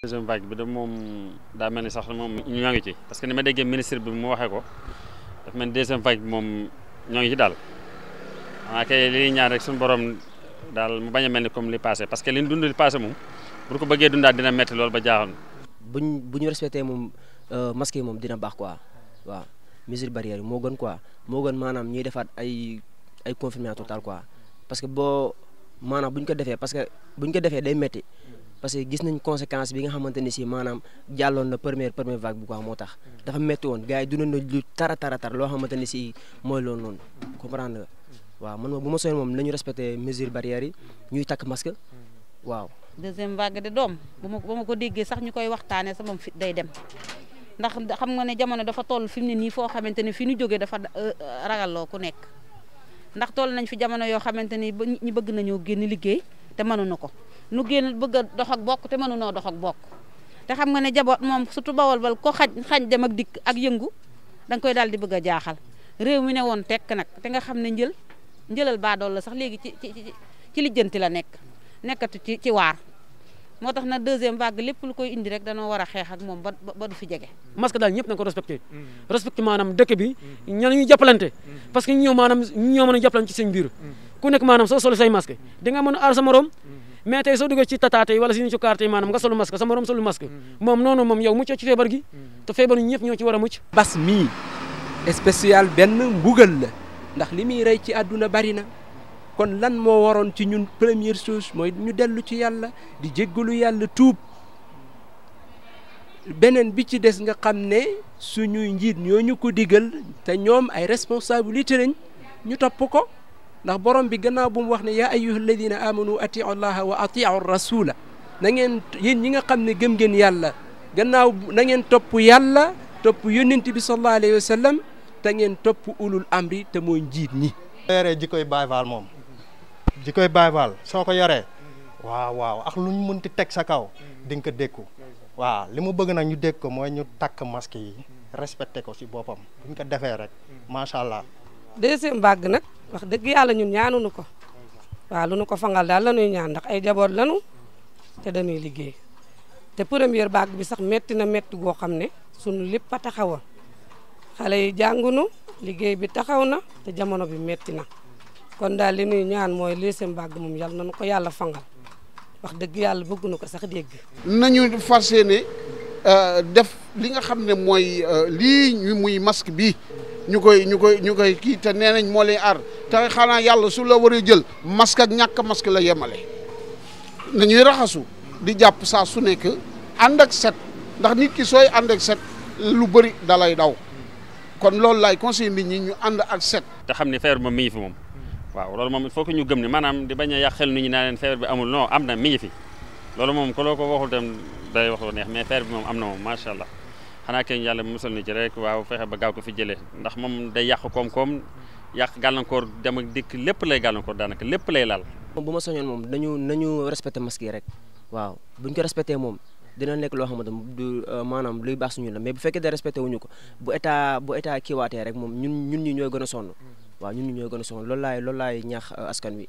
deuxième vague bi de moom daa mel ni sax moom ñoo ngi ci parce que ni ma déggee ministre bi mu waxee ko daf mel ni vague moom ñoo ngi ci daal xanaa kay li ñaan rek borom daal mu bañ a mel ni comme li passé parce que li ñu dund li passé moom bu ko bëggee dundaat dina metti loolu ba jaaxal. buñ bu ñu respecté moom euh, masque moom dina baax quoi waaw mesure barrière yi moo gën quoi moo gën maanaam ñuy defaat ay ay confinement total quoi parce que boo maanaam bu ko defee parce que parce que gis nañ conséquence bi nga xamante ne si maanaam jàlloon na première première vague bu quoi moo tax. dafa métti woon gars yi dund na lu tara tara loo xamante ne si mooy loolu noonu. comprendre nga waaw man moom bu ma soxee moom nañu respecté mesures barrières ñuy takk masque waaw. deuxième vague de doom bu ma bu ma ko déggee sax ñu koy waxtaanee sama fi day dem ndax xam nga ne jamono dafa toll fi mu ne nii foo xamante ne fi ñu jógee dafa euh, euh, ragalloo ku nekk ndax toll nañ fi jamono yoo xamante ni ba ñu bëgg nañoo génn liggéey te mënuñu ko. nu génn bëgg a dox ak bokk te mënunoo dox ak bokk te xam nga ne jaboot moom surtout bawol bal ko xaj xañ dem ak dikk ak yëngu da koy daal di bëgg a jaaxal réew mi ne woon tekk nag te nga xam ne njël njëlal baadool la sax léegi ci ci ci lijjanti la nekk nekkatu ci ci waar moo tax na nag deuxième vague lépp lu koy indi rek danoo war a xeex moom ba ba du fi jege. masque daal ñëpp na ko respecté. Mm-hmm. respecté maanaam dëkk bi. ñan ñu jàppalante. Mm-hmm. parce que ñoo maanaam ñoo mën a jàppalante ci seen mm-hmm. ku nekk maanaam soo solo say masque di nga mën a aar sa mais tey soo duggee ci tataate yi wala si ni ci carte yi maanaam nga solu masque sa morom solu masque mm-hmm. moom noonu moom yow muccoo ci feebar gi mm-hmm. te feebar ñu ñëpp ñoo ci war a mucc mbas mii spécial benn mbugal la ndax li muy rey ci àdduna bari na kon lan moo waroon ci ñun première chose mooy ñu dellu ci yàlla di jéggalu yàlla tuub beneen bi ci des nga xam ne suñuy njiit ñoo ñu ko digal te ñoom ay responsabilité lañ ñu topp ko ndax borom bi gannaaw bu mu wax ne yaa ayyuha alladina amanu atiu llaha wa atiu rasula na ngeen yéen ñi nga xam ne gém ngeen yàlla gannaaw na ngeen topp yàlla topp yónnent bi sallallahu alayhi wa sallam te ngeen topp ulul amri te mooy njiit ñi soo yoree jikoy Baay Faal moom jikoy Baay Faal soo ko yoree waaw waaw ak lu ñu mënti teg sa kaw di nga ko dékku waaw li mu bëgg nag ñu dégg ko mooy ñu takk masque yi respecté ko si boppam bu ñu ko defee rek macha allah deuxième vague nag wax dëgg yàlla ñun ñaanuñu ko waaw lu nu ko fangal daal la ñuy ñaan ndax ay jaboot lanu te dañuy liggéey te première vague bi sax metti na metti goo xam ne sunu lépp a taxawoon xale yi jàngunu liggéey bi taxaw na te jamono bi metti na kon daal li nuy ñaan mooy deuxième vague moom yàlla nañu ko yàlla fangal wax dëgg yàlla bëgguñu ko sax dégg. nañu fas yéene euh, def li nga xam ne mooy euh, lii muy masque bi ñu koy ñu koy ñu koy kii te nee nañ moo lay ar te xanaa yàlla su la waree jël masque ñàkk masque la yemale nañuy raxasu di jàpp saa su nekk ànd ak set ndax nit ki sooy ànd ak set lu bëri dalay daw kon loolu laay conseil nit ñu and ak set. te xam ne feebar moom mi ngi fi moom waaw loolu moom il faut ñu gëm ne maanaam di bañ a yàq xel nit ñu naa leen feebar bi amul non am na mi ngi fi loolu moom ku loo ko waxul tam day wax lu neex mais feebar bi moom am na moom macha allah xanaa kenn yàlla musal ni ci rek waaw fexe ba gaaw ko fi jëlee ndax moom day yàq koom-koom. yàq gàllankoor dem ak dikk lépp lay gàllankoor daanaka lépp lay laal. moom bu ma soñoon moom nañu nañu respecté masque yi rek waaw buñ ko respecté moom dina nekk loo xamante du euh, maanaam luy baax suñu la mais bu fekkee de respecté ko bu état bu état kiiwaatee rek moom ñun ñun ñi ñooy gën a sonn waaw ñun ñi ñooy gën a sonn loolu laay loolu euh, askan wi.